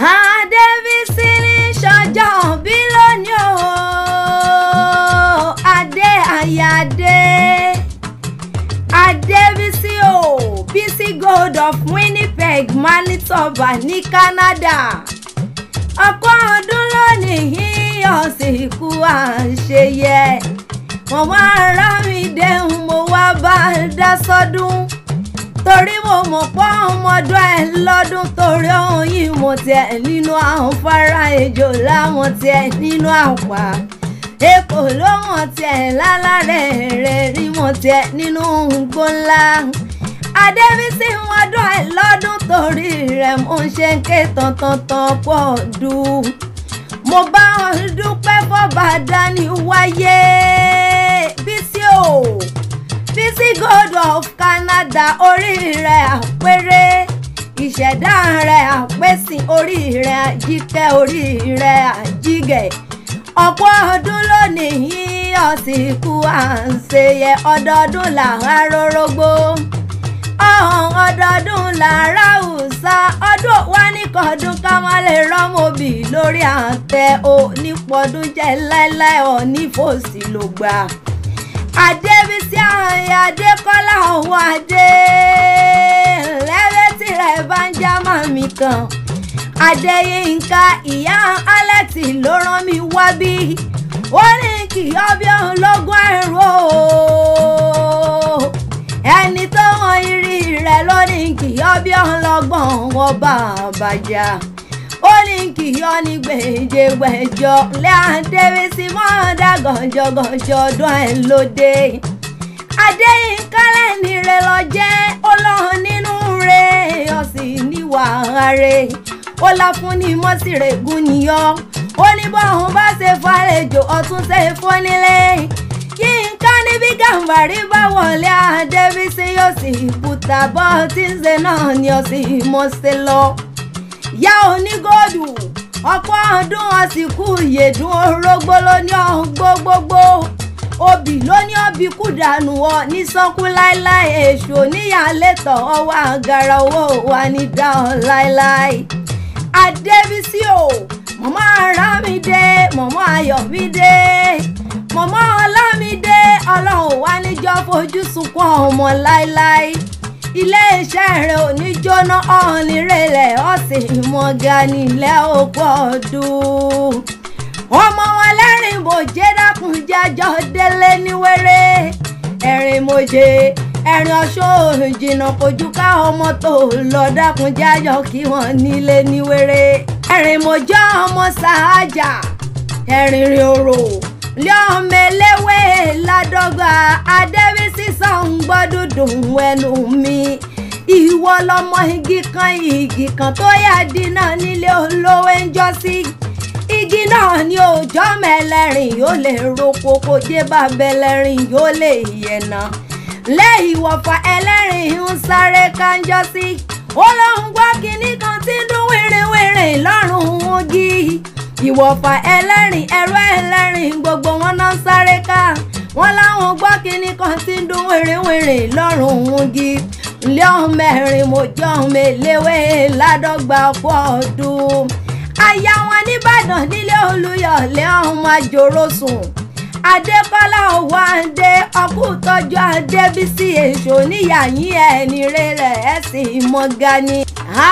Adébísí ní sọjọ́ bí lónìí o adé àyàdé Adébísí o Bísí gold of Winnipeg Manitoba ní Canada ọ̀pọ̀ ọdún lónìí ọ̀sìnkú àṣeyẹ wọ́n wá rá mi dẹ́hùn mo wá bá dá sọ́dún. So torí mo mọ̀ pọ́ ọmọdún ẹ̀ lọ́dún torí ohun yìí mo tiẹ̀ nínú àwọn fara ejò láwọn tiẹ̀ nínú àpá èkó ló mọ̀ tiẹ̀ lálárẹ̀ rẹ̀ rí mọ̀ tiẹ̀ nínú gbó ńlá adébísí mọ́dún ẹ̀ lọ́dún torí rẹ̀ mo ṣe ń ké tantantan pọ̀ dùn mo bá wọn dúpẹ́ fọ́ba dání wáyé bísí o. City Gold of Canada orí rẹ̀ àpérè ìṣẹ̀dá rẹ̀ àpèsìn orí rẹ̀ àjíkẹ́ orí rẹ̀ àjígẹ̀ ọ̀pọ̀ ọdún lónìí ikú à ń ṣe yẹ ọdọọdún làwọn arórógbó ọ̀hún ọdọọdún làárá ùsà ọdún wa tí àyà adékọ́lá ọ̀hún adé lẹ́rẹ́ tirẹ̀ bá ń já mọ́ mi kan adéyínká ìyá alex ló rán mi wá bí ó ní kì í ọbẹ̀ ọ̀hún lọ́gọ́ ẹ̀rọ ẹni tó hàn irí rẹ̀ ló ní kì í ọbẹ̀ ọ̀hún lọ́gbọ̀n wọn bá bàjá ó ní kì í ọ ní gbèjègbèjọ lẹ́hàn dẹ́rẹ́sì mọ́ dá gànjọ́gànjọ́ ọdún ẹ̀ lóde adéyínká lẹ́ni rẹ lọ jẹ́ ọlọ́run nínú rẹ ọ̀sìn níwà ààrẹ ó la fún ní mọ́sírègùn níyọ ó ní bọ́ọ̀hún bá ṣe fàlejò ọ̀tún ṣe fónílé yínká níbi gàǹbàrí bá wọlé àdébísí yóò sì bùtà bọ́ tí ń ṣe náà ni ọ̀sìn mọ́ṣẹ́ lọ ìyá onígòdù ọ̀pọ̀ ọdún ọ̀sìnkú ìyèdùn orógbó ló ní ọ̀hún gbogbogbò obì ló ní obì kú dànù ọ ní sọ́kú láéláé èṣù níyàlé tọ̀ ọ wá gara owó wa ní dáhùn láéláé. adébísí o mọ̀mọ́ arámidé mọ̀mọ́ ayọ̀mídé mọ̀mọ́ ọlámidé ọlọ́run wá níjọ́ fojú sunkún ọmọ láéláé iléeṣẹ́ rẹ̀ ò ní jóná ọ̀hún nírẹ̀lẹ̀ ọ̀sìn ìmọ̀ọ́gá nílẹ̀ òkú ọdún ọmọ wọn lẹ́rìn bòjé dákun jẹ́jọ́ délé ní wéré ẹ̀rìn mojé ẹ̀rìn ọ̀ṣọ́ jìnnà kojú ká ọmọ tó lọ dákun jẹ́jọ́ kí wọ́n nílé ní wéré ẹ̀rìn mojé ọmọ sàájà ẹ̀rìn rìn òrò lọ́mẹlẹ́wé ládọ́gba adébísí sọ̀ǹgbọ́dúndùn ẹnu mi ìwọ lọmọ igi kan igi kan tó yá dínà nílé olú jọ́mọ ẹlẹ́rìn yóò lè roko kó jẹ́ bàbá ẹlẹ́rìn yóò lè yẹ̀nà lẹ́yìn wọ̀fà ẹlẹ́rìn ń sáré kánjọ́ sí ó lóun gbọ́ kinní kan tí ń dún wèrèwèrè lọ́rùn ogi ìwọ̀fà ẹlẹ́rìn ẹ̀rọ ẹlẹ́rìn gbogbo wọn náà sáré ká wọn láwọn gbọ́ kinní kan tí ń dún wèrèwèrè lọ́rùn ogi ilé ọmọ ẹ̀rìn mojọ́ ọmọ eléwé ládọ́gba ọ̀pọ̀ aya wọn nìbàdàn nílé olùyọ̀lé ọ̀hún máa jòrò sùn adékọ́lá òwò àǹdé ọkú tọ́jú àdébísí èso níyàyín ẹni rere ẹ̀sìn ìmọ̀gá ni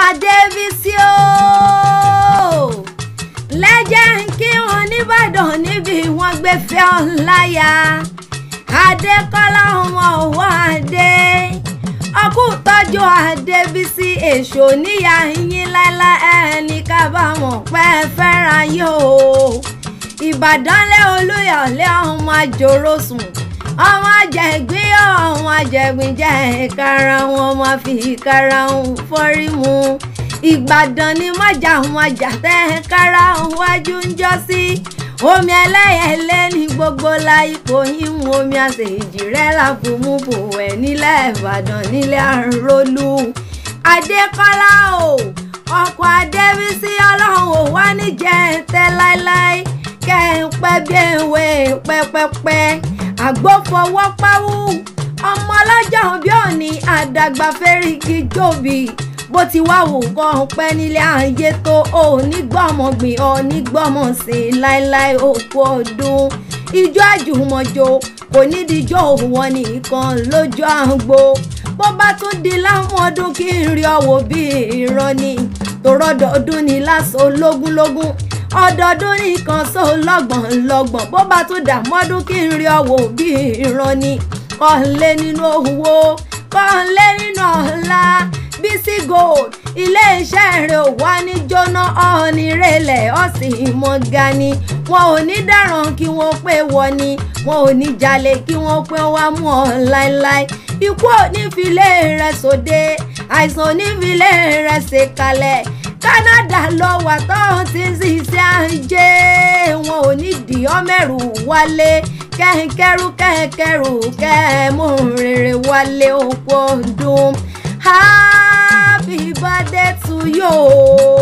àdébísí ooo lẹ́jẹ̀ ń kí wọn nìbàdàn níbi wọn gbé fẹ́ ọ̀láyà adékọ́lá ọmọ òwò àǹdé ọkú tọ́jú àdébísí èso níyà yín láíláí ẹni kábàámọ̀ pẹ́ fẹ́ràn yín o ìbàdánlé olúyọ̀lé ọmọ àjòrò sùn ọmọ àjẹgbín ọmọ àjẹgbín jẹ ìkara wọn ọmọ fi ìkara wọn fọrí mu ìgbàdàn ni májà májà tẹ ìkara wọn wájú ń jọ sí omi ẹlẹ́yẹlé ní gbogbo láìpò yín mu omi àṣejì rẹ̀ làbùmùbù ẹ̀ nílẹ̀ ìbàdàn nílẹ̀ àrólù adékọ́lá o ọkọ̀ adébísí ọlọ́run ò wá ní jẹ́ǹtẹ́ láéláé kẹ́ ń pẹ́ bí ewé pẹ́pẹ́pẹ́ àgbófọwọ́ páwú ọmọ ọlọ́jọ́ bí òní àdàgbà fẹ́ríkì jòbí bó ti wá wò kàn pẹ́ nílé ayé tó ò ní gbọ́mọgbìn ò ní gbọ́mọsìn láéláé òkú ọdún ìjọ àjùmọ̀jò kò nídìí jọ òun wọn nìkan lójú àgbo bó bá tún di láwọn ọdún kí n rí ọwọ́ bí irọ́ ni tòrọ́dọ̀ọ́dún ni lásán lógúnlógún ọdọọdún nìkan so lọ́gbọ̀n lọ́gbọ̀n bó bá tún dà mọ́dún kí n rí ọwọ́ bí irọ́ ni kọ́ nínú owó kọ́ nínú ọ̀la Bisi Gold ilé-iṣẹ́ rẹ̀ ò wá ní jóná ọ̀ọ́ni rẹ̀lẹ̀ ọ̀sìn ìmọ̀gá ni wọn ò ní dáràn kí wọ́n pé wọ́n ni wọn ò ní jalè kí wọ́n pé wọ́n á mú ọ láéláé ikú ò ní fi lé rẹ̀ sóde àìsàn ò ní fi lé rẹ̀ ṣèkalẹ̀ Canada lọ wà tóun ti ń ṣiṣẹ́ ajé wọn ò ní dì ọmẹ́rù wálé kẹ́hìnkẹ́rù kẹ́hìnkẹ́rù kẹ́ẹ̀mú rere wálé òpó dùn happy birthday to you.